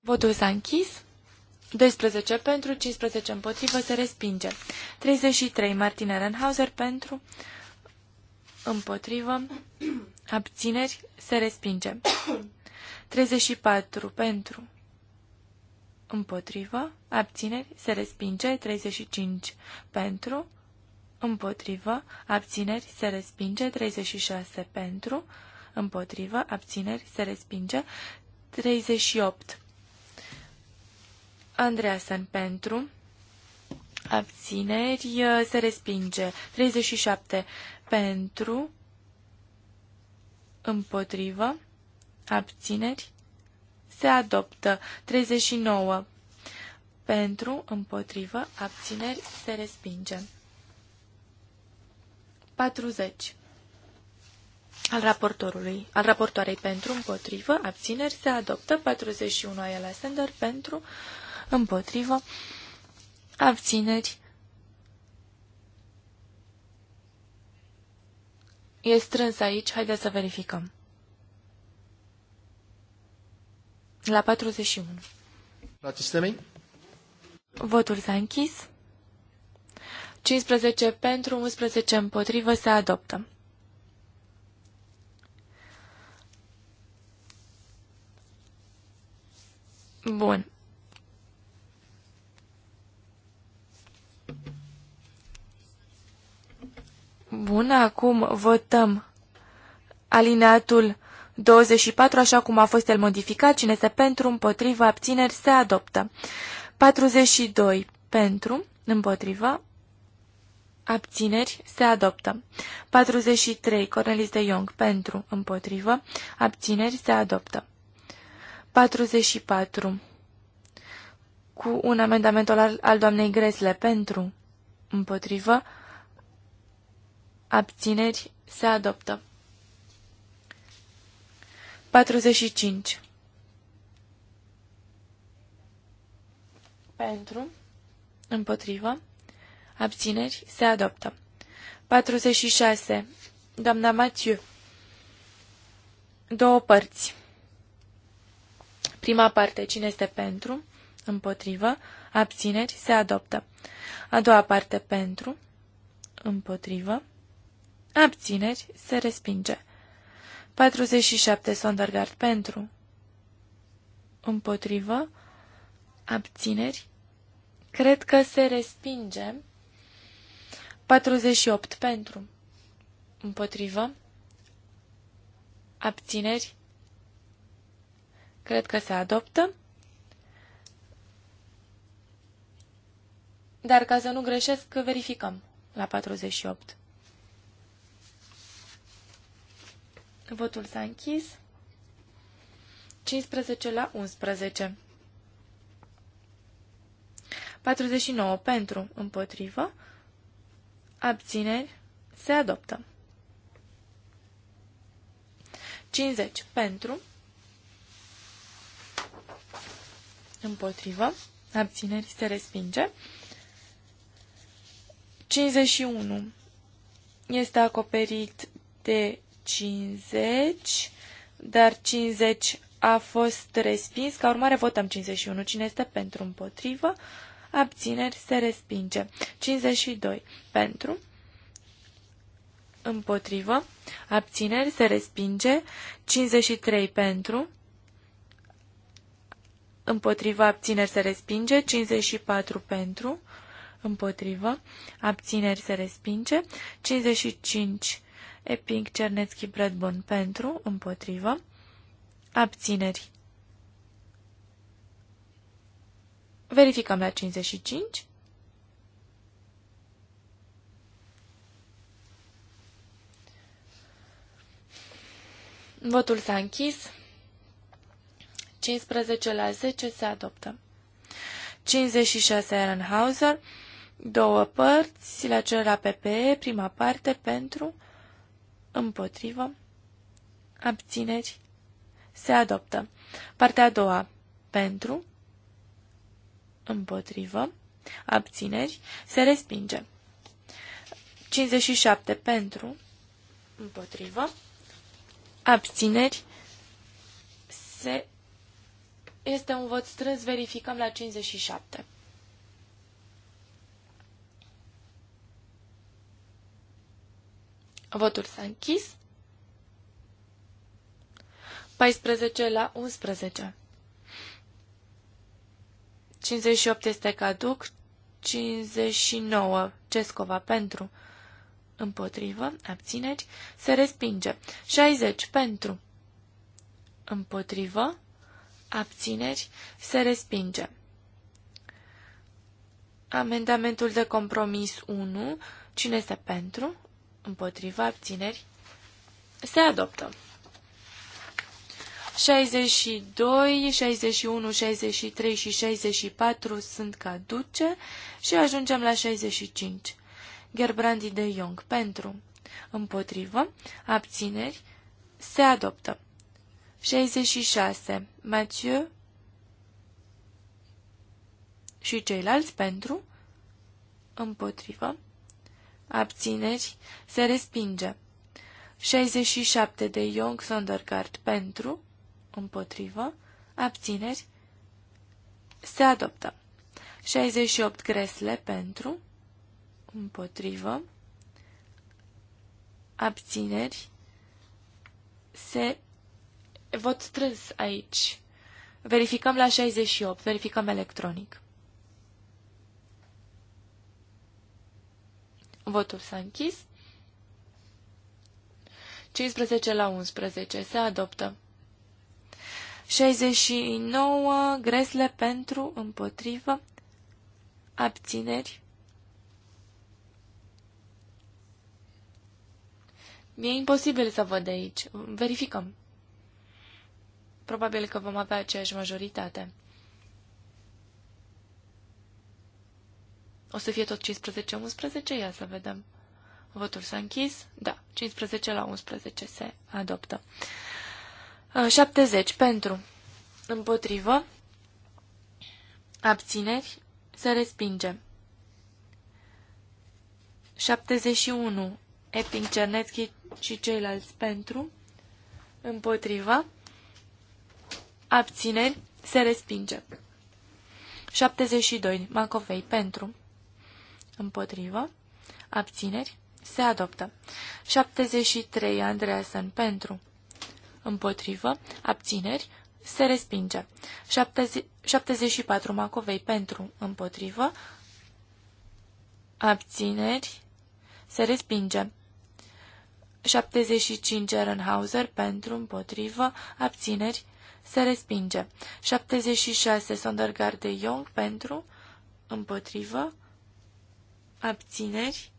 Speaker 3: Votul s-a închis. 12 pentru, 15 împotrivă, se respinge. 33, Martin Ehrenhauser pentru, împotrivă, abțineri, se respinge. 34, pentru, împotrivă, abțineri, se respinge. 35, pentru, împotrivă, abțineri, se respinge. 36, pentru, împotrivă, abțineri, se respinge. 38. Andreasen pentru, abțineri, se respinge. 37. Pentru, împotrivă, abțineri, se adoptă. 39. Pentru, împotrivă, abțineri, se respinge. 40 al raportorului, al raportoarei pentru, împotrivă, abțineri, se adoptă 41 aia la sender pentru, împotrivă, abțineri. E strâns aici, haideți să verificăm. La 41. La Votul s-a închis. 15 pentru, 11 împotrivă, se adoptă. Bun. Bun, acum votăm alineatul 24, așa cum a fost el modificat. Cine este pentru, împotriva, abțineri, se adoptă. 42 pentru, împotriva, abțineri, se adoptă. 43 Cornelis de Jong pentru, împotrivă, abțineri, se adoptă. 44. Cu un amendament al, al doamnei Gresle pentru, împotrivă, abțineri, se adoptă. 45. Pentru, împotrivă, abțineri, se adoptă. 46. Doamna Mathieu. Două părți. Prima parte, cine este pentru? Împotrivă. Abțineri. Se adoptă. A doua parte, pentru. Împotrivă. Abțineri. Se respinge. 47. Sondergaard pentru. Împotrivă. Abțineri. Cred că se respinge. 48. Pentru. Împotrivă. Abțineri. Cred că se adoptă. Dar ca să nu greșesc, verificăm la 48. Votul s-a închis. 15 la 11. 49 pentru, împotrivă, abțineri, se adoptă. 50 pentru, împotrivă, abțineri se respinge. 51 este acoperit de 50, dar 50 a fost respins. Ca urmare votăm 51. Cine este pentru împotrivă? Abțineri se respinge. 52 pentru împotrivă, abțineri se respinge, 53 pentru, împotriva abțineri se respinge, 54 pentru, împotriva abțineri se respinge, 55 Epic Cernetski Bradbon pentru, împotriva abțineri. Verificăm la 55. Votul s-a închis. 15 la 10 se adoptă. 56 Ehrenhauser, două părți la cererea PPE, prima parte pentru, împotrivă, abțineri, se adoptă. Partea a doua, pentru, împotrivă, abțineri, se respinge. 57 pentru, împotrivă, abțineri, se este un vot strâns, verificăm la 57. Votul s-a închis. 14 la 11. 58 este caduc, 59 Cescova pentru, împotrivă, Abțineți. se respinge. 60 pentru, împotrivă, abțineri, se respinge. Amendamentul de compromis 1, cine este pentru, împotriva, abțineri, se adoptă. 62, 61, 63 și 64 sunt caduce și ajungem la 65. Gerbrandi de Jong pentru, împotrivă, abțineri, se adoptă. 66. Mathieu și ceilalți pentru, împotrivă, abțineri, se respinge. 67 de Young Sondergaard pentru, împotrivă, abțineri, se adoptă. 68 Gresle pentru, împotrivă, abțineri, se vot strâns aici. Verificăm la 68, verificăm electronic. Votul s-a închis. 15 la 11. Se adoptă. 69 gresle pentru, împotrivă, abțineri. E imposibil să văd de aici. Verificăm probabil că vom avea aceeași majoritate. O să fie tot 15-11? Ia să vedem. Votul s-a închis? Da, 15 la 11 se adoptă. 70 pentru, împotrivă, abțineri, se respinge. 71, Epping, Cernetchi și ceilalți pentru, împotriva, abțineri, se respinge. 72. Macovei pentru, împotrivă, abțineri, se adoptă. 73. Andreasen pentru, împotrivă, abțineri, se respinge. 74. Macovei pentru, împotrivă, abțineri, se respinge. 75 Ehrenhauser pentru împotrivă, abțineri, se respinge. 76 Sondergaard de Jong pentru, împotrivă, abțineri.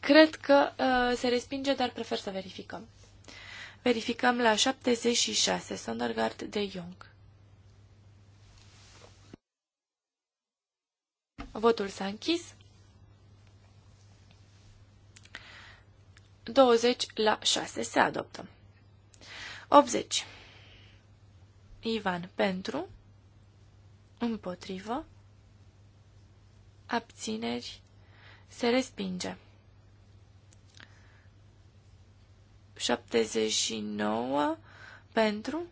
Speaker 3: Cred că uh, se respinge, dar prefer să verificăm. Verificăm la 76 Sondergaard de Jong. Votul s-a închis. 20 la 6 se adoptă. 80. Ivan pentru, împotrivă, abțineri, se respinge. 79 pentru,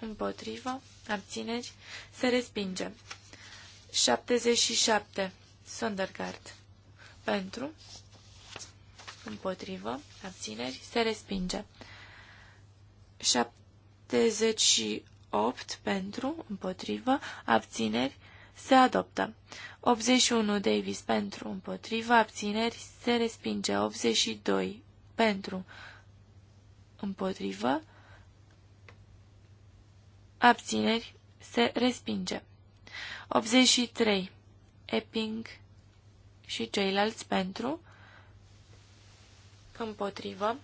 Speaker 3: împotrivă, abțineri, se respinge. 77. Sondergaard. Pentru, împotrivă, abțineri, se respinge. 78 pentru, împotrivă, abțineri, se adoptă. 81 Davis pentru, împotrivă, abțineri, se respinge. 82 pentru, împotrivă, abțineri, se respinge. 83 Epping și ceilalți pentru, împotrivă,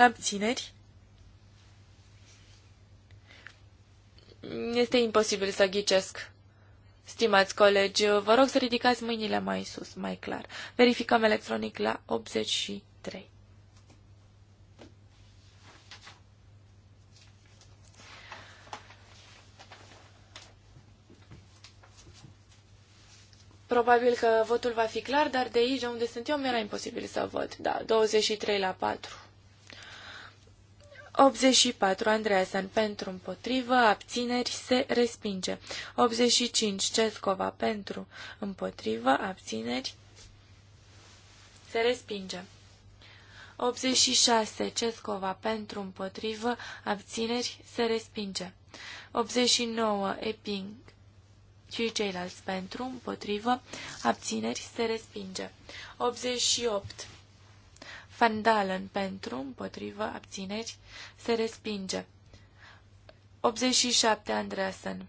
Speaker 3: Abțineri? Este imposibil să ghicesc. Stimați colegi, vă rog să ridicați mâinile mai sus, mai clar. Verificăm electronic la 83. Probabil că votul va fi clar, dar de aici, unde sunt eu, mi-era imposibil să văd. Da, 23 la 4. 84. Andreasen pentru împotrivă, abțineri se respinge. 85. Cescova pentru împotrivă, abțineri se respinge. 86. Cescova pentru împotrivă, abțineri se respinge. 89. Eping și ceilalți pentru împotrivă, abțineri se respinge. 88. Van Dalen pentru, împotrivă, abțineri, se respinge. 87 Andreasen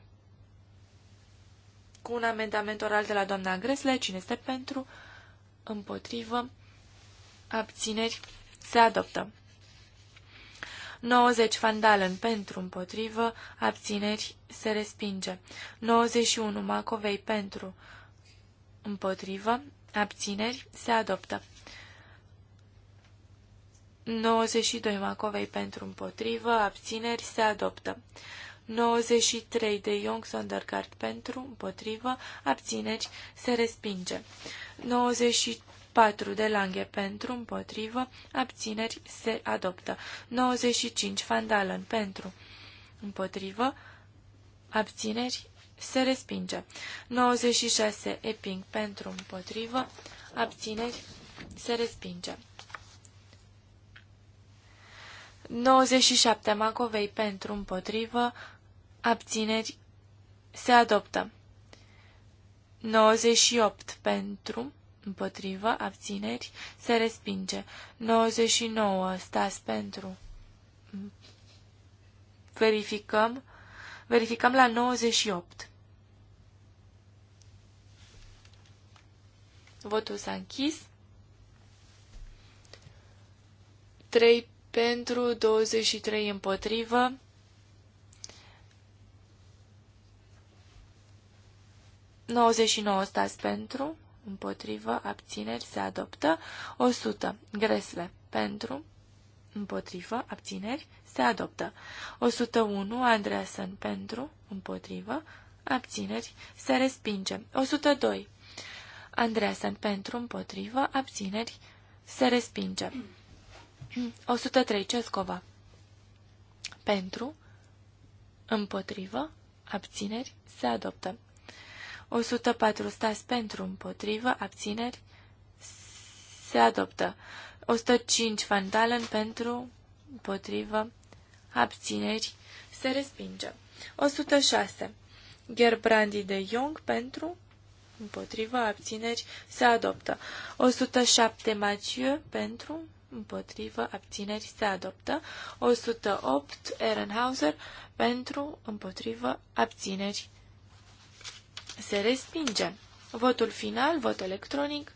Speaker 3: Cu un amendament oral de la doamna Gresle, cine este pentru, împotrivă, abțineri, se adoptă. 90 Fandalen pentru împotrivă, abțineri se respinge. 91 Macovei pentru împotrivă, abțineri se adoptă. 92 Macovei pentru împotrivă, abțineri se adoptă. 93 de Young Sondergaard pentru împotrivă, abțineri se respinge. 94 de Lange pentru împotrivă, abțineri se adoptă. 95 Van Dalen pentru împotrivă, abțineri se respinge. 96 Epping pentru împotrivă, abțineri se respinge. 97 Macovei pentru împotrivă, abțineri se adoptă. 98 pentru împotrivă, abțineri se respinge. 99 stas pentru. Verificăm. Verificăm la 98. Votul s-a închis. 3 pentru, 23 împotrivă. nouă stați pentru, împotrivă, abțineri, se adoptă. 100. Gresle, pentru, împotrivă, abțineri, se adoptă. 101. Andreasen, pentru, împotrivă, abțineri, se respinge. 102. Andreasen, pentru, împotrivă, abțineri, se respinge. 103. Cescova. Pentru, împotrivă, abțineri, se adoptă. 104. Stas pentru, împotrivă, abțineri, se adoptă. 105. Van Dalen pentru, împotrivă, abțineri, se respinge. 106. Gerbrandi de Jung, pentru, împotrivă, abțineri, se adoptă. 107. Mathieu pentru, împotrivă, abțineri, se adoptă. 108, Ehrenhauser, pentru, împotrivă, abțineri, se respinge. Votul final, vot electronic.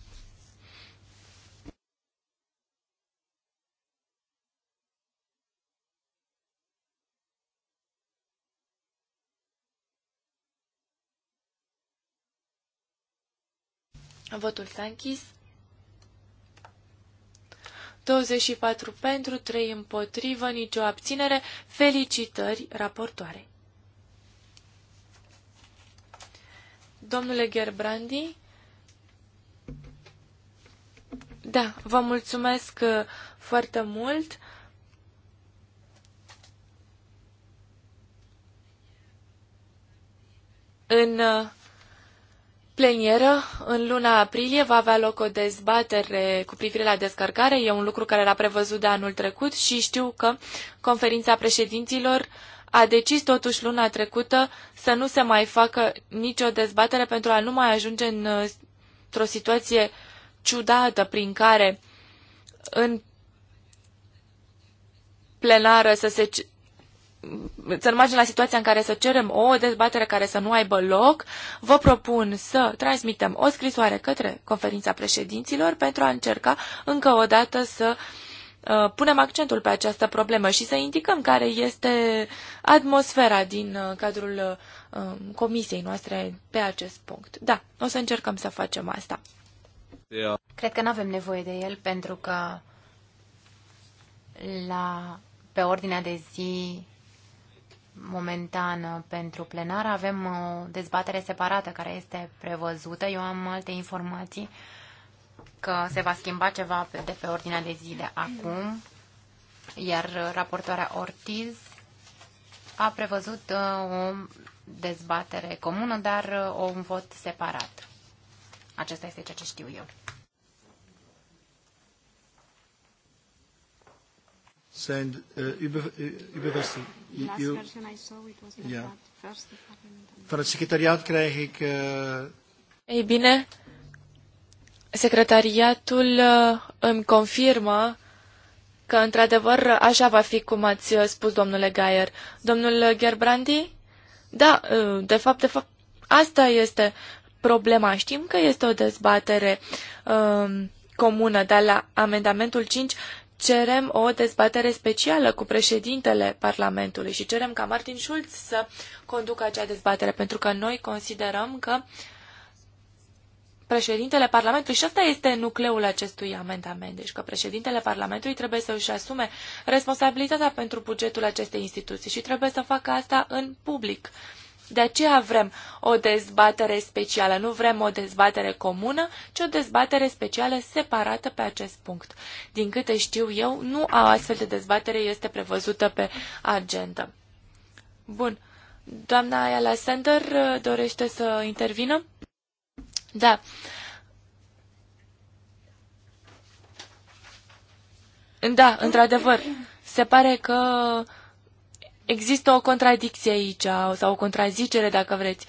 Speaker 3: Votul s-a închis. 24 pentru, 3 împotrivă, nicio abținere. Felicitări raportoare! Domnule Gerbrandi? Da, vă mulțumesc uh, foarte mult. În uh, plenieră, în luna aprilie, va avea loc o dezbatere cu privire la descărcare. E un lucru care l-a prevăzut de anul trecut și știu că conferința președinților a decis totuși luna trecută să nu se mai facă nicio dezbatere pentru a nu mai ajunge uh, într-o situație ciudată prin care în plenară să se să rămagem la situația în care să cerem o dezbatere care să nu aibă loc, vă propun să transmitem o scrisoare către conferința președinților pentru a încerca încă o dată să uh, punem accentul pe această problemă și să indicăm care este atmosfera din uh, cadrul uh, comisiei noastre pe acest punct. Da, o să încercăm să facem asta. Yeah. Cred că nu avem nevoie de el pentru că
Speaker 2: la, pe ordinea de zi momentan pentru plenar. Avem o dezbatere separată care este prevăzută. Eu am alte informații că se va schimba ceva de pe ordinea de zi de acum, iar raportoarea Ortiz a prevăzut uh, o dezbatere comună, dar uh, un vot separat. Acesta este ceea ce știu eu. send uh, Uber, Uber uh, you, yeah.
Speaker 3: Ei bine, secretariatul uh, îmi confirmă că, într-adevăr, așa va fi cum ați uh, spus, domnule Gaier. Domnul Gerbrandi? Da, de fapt, de fapt, asta este problema. Știm că este o dezbatere um, comună, dar la amendamentul 5 cerem o dezbatere specială cu președintele Parlamentului și cerem ca Martin Schulz să conducă acea dezbatere, pentru că noi considerăm că președintele Parlamentului, și asta este nucleul acestui amendament, deci că președintele Parlamentului trebuie să își asume responsabilitatea pentru bugetul acestei instituții și trebuie să facă asta în public de aceea vrem o dezbatere specială, nu vrem o dezbatere comună, ci o dezbatere specială separată pe acest punct. Din câte știu eu, nu a astfel de dezbatere este prevăzută pe agenda. Bun. Doamna Ayala Sender uh, dorește să intervină? Da. Da, într-adevăr. Se pare că Există o contradicție aici, sau o contrazicere, dacă vreți.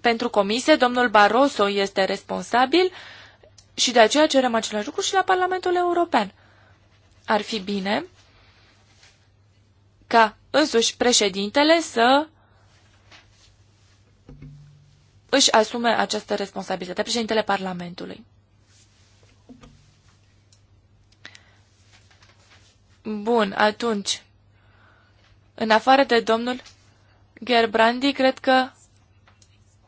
Speaker 3: Pentru comisie, domnul Barroso este responsabil și de aceea cerem același lucru și la Parlamentul European. Ar fi bine ca însuși președintele să își asume această responsabilitate, președintele Parlamentului. Bun, atunci în afară de domnul Gerbrandi, cred că...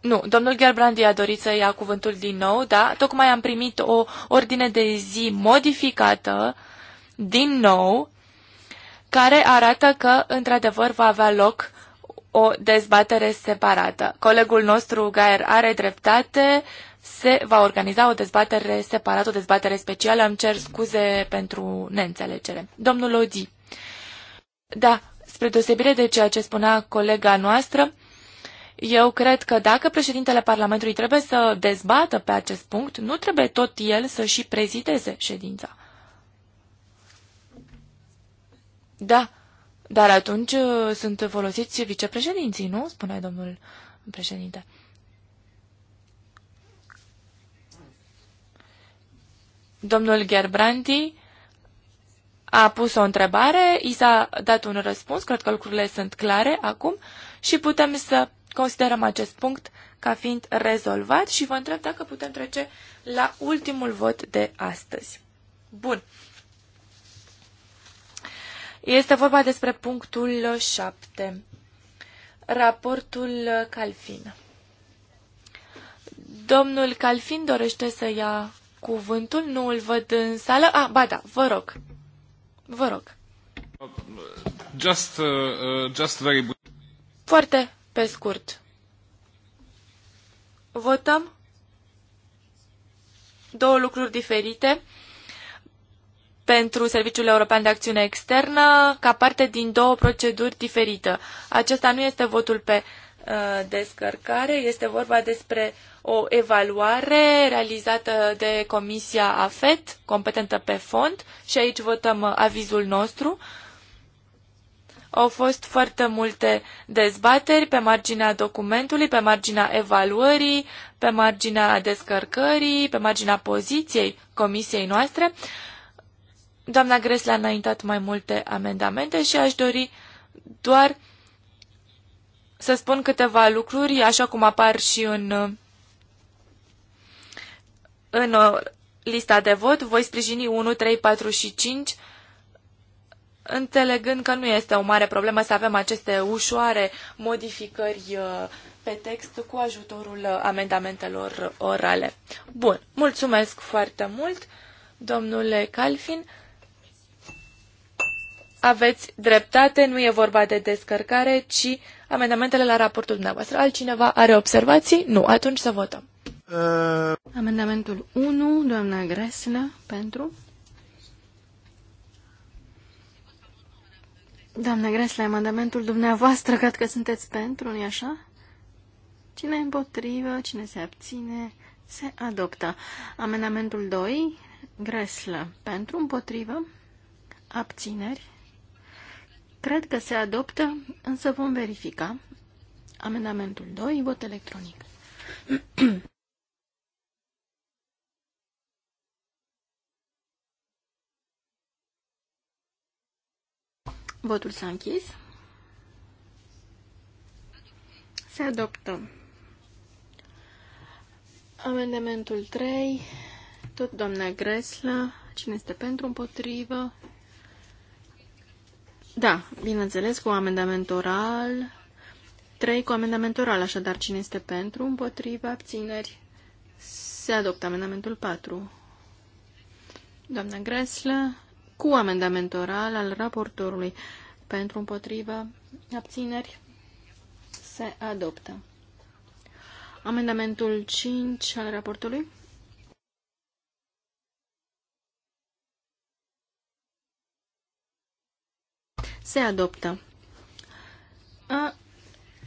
Speaker 3: Nu, domnul Gerbrandi a dorit să ia cuvântul din nou, da? Tocmai am primit o ordine de zi modificată, din nou, care arată că, într-adevăr, va avea loc o dezbatere separată. Colegul nostru, Gaer, are dreptate, se va organiza o dezbatere separată, o dezbatere specială. Îmi cer scuze pentru neînțelegere. Domnul Odi. Da, Spre deosebire de ceea ce spunea colega noastră, eu cred că dacă președintele Parlamentului trebuie să dezbată pe acest punct, nu trebuie tot el să și prezideze ședința. Da, dar atunci uh, sunt folosiți vicepreședinții, nu? Spune domnul președinte. Domnul Gerbrandi a pus o întrebare, i s-a dat un răspuns, cred că lucrurile sunt clare acum și putem să considerăm acest punct ca fiind rezolvat și vă întreb dacă putem trece la ultimul vot de astăzi. Bun. Este vorba despre punctul 7. Raportul Calfin. Domnul Calfin dorește să ia cuvântul, nu îl văd în sală. Ah, ba da, vă rog. Vă rog.
Speaker 1: Just, uh, uh just very...
Speaker 3: Foarte pe scurt. Votăm două lucruri diferite pentru Serviciul European de Acțiune Externă ca parte din două proceduri diferite. Acesta nu este votul pe uh, descărcare, este vorba despre o evaluare realizată de Comisia AFET, competentă pe fond, și aici votăm avizul nostru. Au fost foarte multe dezbateri pe marginea documentului, pe marginea evaluării, pe marginea descărcării, pe marginea poziției comisiei noastre. Doamna Gresle a înaintat mai multe amendamente și aș dori doar să spun câteva lucruri, așa cum apar și în în lista de vot, voi sprijini 1, 3, 4 și 5, înțelegând că nu este o mare problemă să avem aceste ușoare modificări uh, pe text cu ajutorul amendamentelor orale. Bun, mulțumesc foarte mult, domnule Calfin. Aveți dreptate, nu e vorba de descărcare, ci amendamentele la raportul dumneavoastră. Altcineva are observații? Nu, atunci să votăm. Uh... Amendamentul 1, doamna Gresle, pentru.
Speaker 1: Doamna Gresla, amendamentul dumneavoastră, cred că sunteți pentru, nu-i așa? Cine împotrivă, cine se abține, se adoptă. Amendamentul 2, Gresla, pentru, împotrivă, abțineri. Cred că se adoptă, însă vom verifica. Amendamentul 2, vot electronic. Votul s-a închis. Se adoptă. Amendamentul 3, tot doamna Gresla, cine este pentru, împotrivă. Da, bineînțeles, cu amendament oral. 3 cu amendament oral, așadar cine este pentru, împotrivă, abțineri. Se adoptă amendamentul 4. Doamna Gresla, cu amendament oral al raportorului. Pentru împotrivă abțineri se adoptă. Amendamentul 5 al raportului. Se adoptă.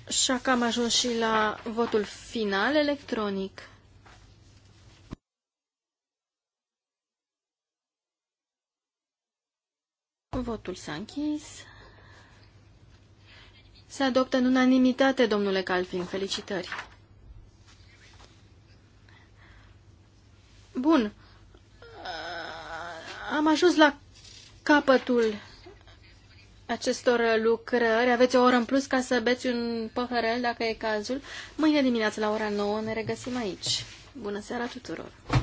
Speaker 1: așa că am ajuns și la votul final electronic. Votul s-a închis. Se adoptă în unanimitate, domnule Calvin. Felicitări! Bun. Uh, am ajuns la capătul acestor lucrări. Aveți o oră în plus ca să beți un păhărel, dacă e cazul. Mâine dimineață la ora 9 ne regăsim aici. Bună seara tuturor!